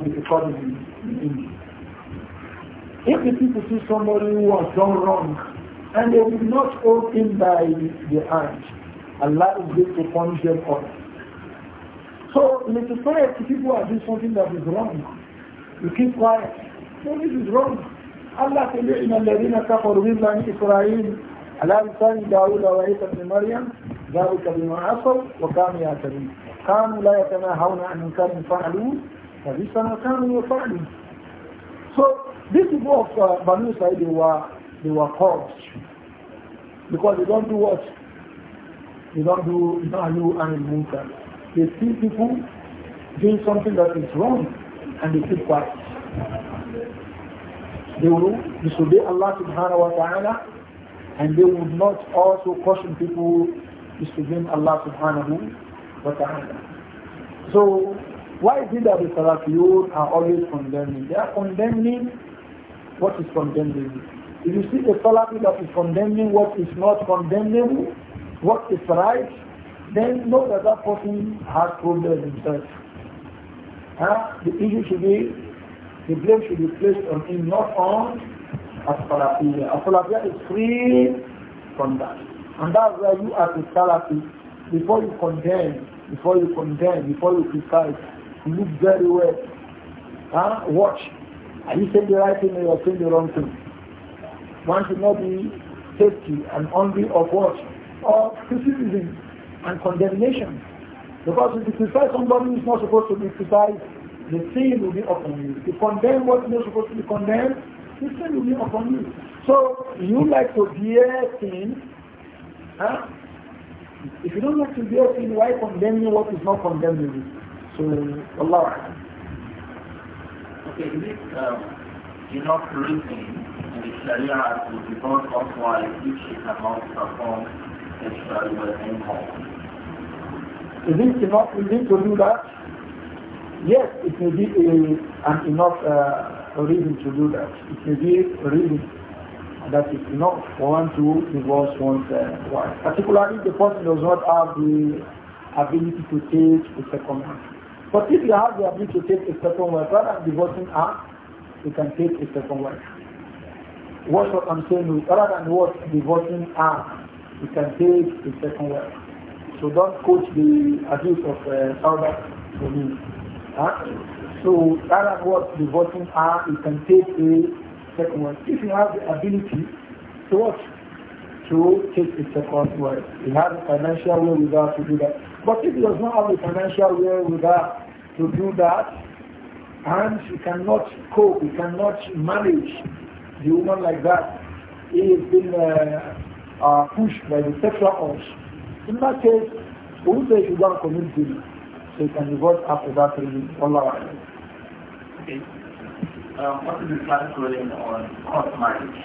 If the people see somebody who has done wrong and they will not hold him by the hand, Allah is going to punish them all. So in the society, people are doing something that is wrong. You keep quiet. So, this is wrong. Allah said, إِنَّ الَّذِينَ كَفَرُوا بِاللَّهِ إِسْرَائِيلِ عَلَى لِسَانِ دَاوُدَ وَعِيسَى بْنِ مَرْيَمَ ذلك بما عصوا وكانوا يعتدون كانوا لا يتناهون عن منكر فعلوه فبئس ما كانوا يفعلون So this is what uh, Banu Israel they were they were called because they don't do what they don't do Nahu and Munkar. They see people doing something that is wrong and they keep quiet. They will disobey Allah subhanahu wa ta'ala and they would not also caution people is between Allah subhanahu wa ta'ala. So why is it that the you are always condemning? They are condemning what is condemning? If you see a Salafi that is condemning what is not condemnable, what is right, then know that that person has problems himself. Huh? The issue should be, the blame should be placed on him, not on a salafiyya A salafiyya is free from that. And that's why you as a Salafi, before you condemn, before you condemn, before you criticize, you look very well. Huh? Watch. Are you saying the right thing or you are saying the wrong thing? One should not be hasty and only of what? Or criticism and condemnation. Because if you criticize somebody who is not supposed to be criticized, the sin will be upon you. If you condemn what is not supposed to be condemned, the sin will be upon you. So you like to hear things Huh? If you don't like to be open, why condemning what is not condemnable? So, Allah. Okay, this, um, you're not looking in the Sharia to the God of why if she cannot perform sexual Is it enough for to do that? Yes, it may be a, uh, an enough uh, reason to do that. It may be a reason that is not for one to divorce one's uh, wife. Particularly the person does not have the ability to take a second one. But if you have the ability to take a second wife, rather than divorcing her, you can take a second wife. What I'm saying is, rather than what divorcing her, you can take a second wife. So don't coach the abuse of uh, Saudi for me. Huh? So rather than what divorcing her, you can take a second one. If you have the ability to what? To take the second one. You have the financial without to do that. But if he does not have the financial without to do that, and he cannot cope, he cannot manage the woman like that, he has been uh, uh, pushed by the sexual urge. In that case, who says you don't commit sin? So you can revert after that reason. Allah. Okay. Um, what is Islamic ruling on court marriage?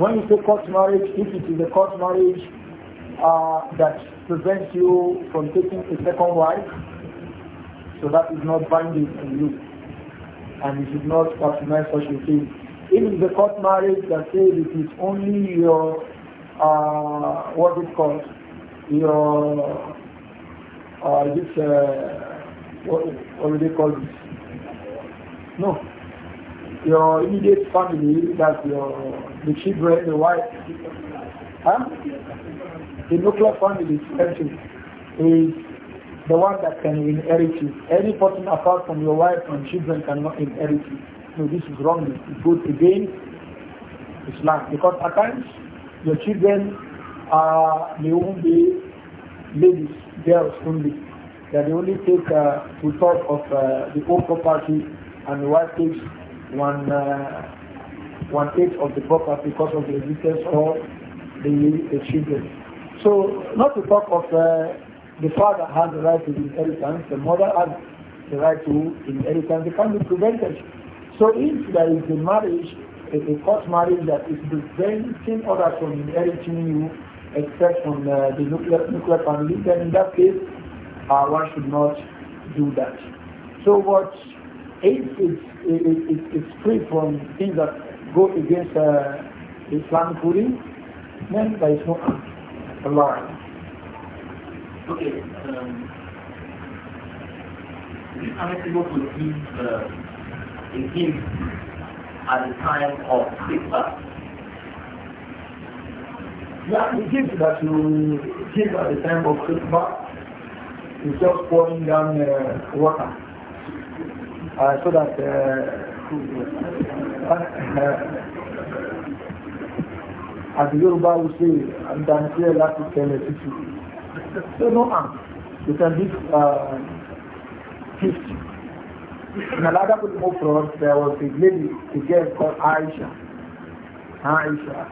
When you say court marriage, if it is a court marriage uh, that prevents you from taking a second wife, so that is not binding on you. And you should not patronize such a thing. Even it is a court marriage that says it is only your, uh, what is called, your, uh, this, uh, what, what do they call this? No. Your immediate family, that's your the children, the wife. Huh? The nuclear family is everything. Is the one that can inherit you. Any person apart from your wife and children cannot inherit you. So this is wrong. It goes against Islam. Because at times your children are they won't be ladies, girls only. That they only take uh, two thirds of uh, the whole property and one takes one uh, one eighth of the property because of the existence of the, the children. So not to talk of uh, the father has the right to the inheritance, the mother has the right to inheritance. They can be prevented. So if there is a marriage, a, a court marriage that is preventing others from inheriting you, except from uh, the nuclear nuclear family, then in that case, uh, one should not do that. So what it is, it, it, it's free from things that go against uh, Islamic ruling, then there is no Allah. Okay. Um, I'm able to give uh, a gift at the time of Christmas. Yeah, the gift that you give at the time of Christmas is just pouring down uh, water uh, so that uh, uh, uh as the Yoruba would say, I'm done here last can or fifty. So no harm. You can give uh, fifty. In Alaga put more front, there was a lady, a girl called Aisha. Aisha.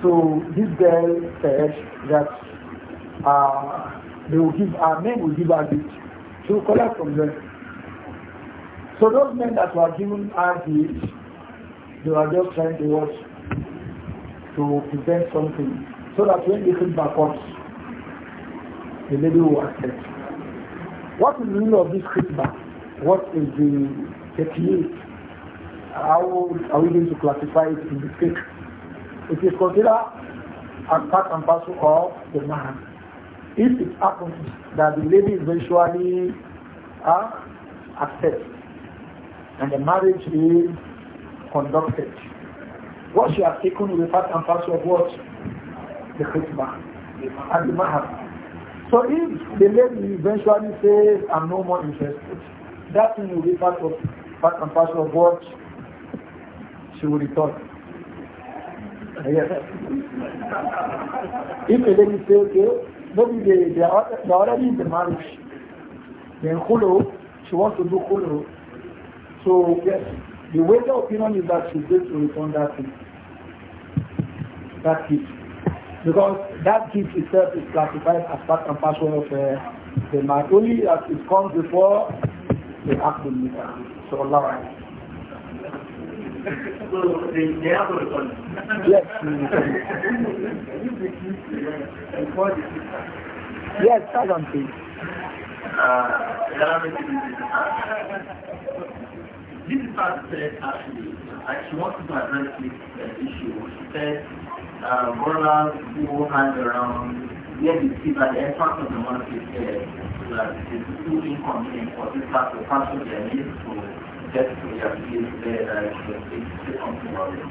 So this girl says that uh, they will give our men will give her gift. She will collect from them. So those men that were given RPs, they were just trying to watch, to present something, so that when they came back up, the lady will accept. What is the meaning of this khitbah? What is the technique? How are we going to classify it in the future? It is considered as part and parcel of the man. If it happens that the lady eventually uh, accepts, and the marriage is conducted. What she has taken will be part and parcel of what? The khidmah and the mahar. So if the lady eventually says, I'm no more interested, that thing will be part, of, part and parcel of what she will return. Yes. if the lady says, okay, maybe they, they, are, they are already in the marriage, then khulu, she wants to do khulu, so yes, the way the opinion is that she's going to return that gift. That gift. Because that gift itself is classified as part and parcel of uh, the marriage. Only as it comes before the act of nikah. So Allah. so they have to Yes. yes, I don't think. Uh, this is what said actually, uh, and she wanted to address this uh, issue. She said, uh, um, brothers who hang around where the that the entrance of the monarchy is there, that the too inconvenient for this part of the their needs to get to their place there uh, that say something about it.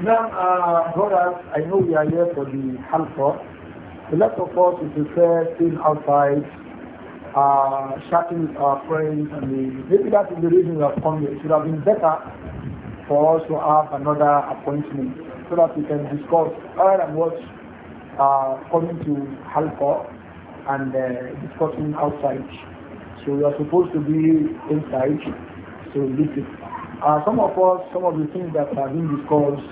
Now, uh, brothers, I know we are here for the Halfa. A lot of us, if you say, still outside uh, chatting our friends and the, maybe that is the reason we have come here. It should have been better for us to have another appointment so that we can discuss other than uh, coming to Halqa and uh, discussing outside. So we are supposed to be inside, so listen. Uh, some of us, some of the things that are being discussed,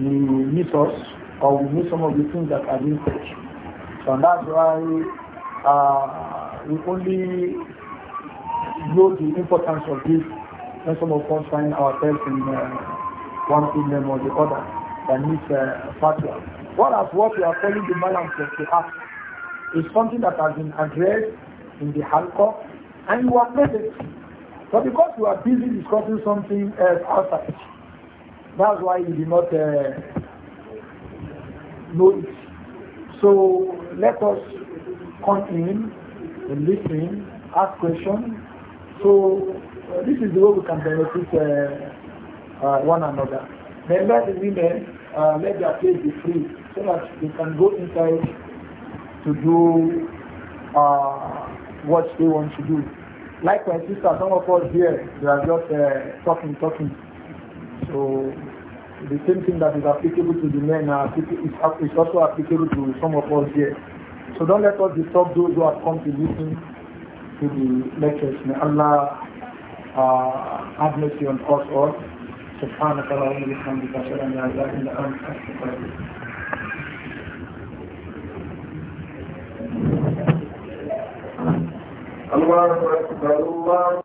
we miss us or we miss some of the things that are being said. So that's why uh, we only know the importance of this when some of us find ourselves in uh, one problem or the other and this uh, fatwa. Whereas what we are calling the balance of the act is something that has been addressed in the halqa and you are present. But because you are busy discussing something else outside, that's why you do not uh, know it. So let us come in listen, ask questions. So uh, this is the way we can benefit uh, uh, one another. Then the women uh, let their place be free so that they can go inside to do uh, what they want to do. Like my sister, some of us here, they are just uh, talking, talking. So the same thing that is applicable to the men is also applicable to some of us here. So don't let us disturb those who have come to listen to the lectures. May Allah uh, have mercy on us all. سبحانك اللهم وبحمدك اشهد ان لا اله الا انت استغفرك الله اكبر الله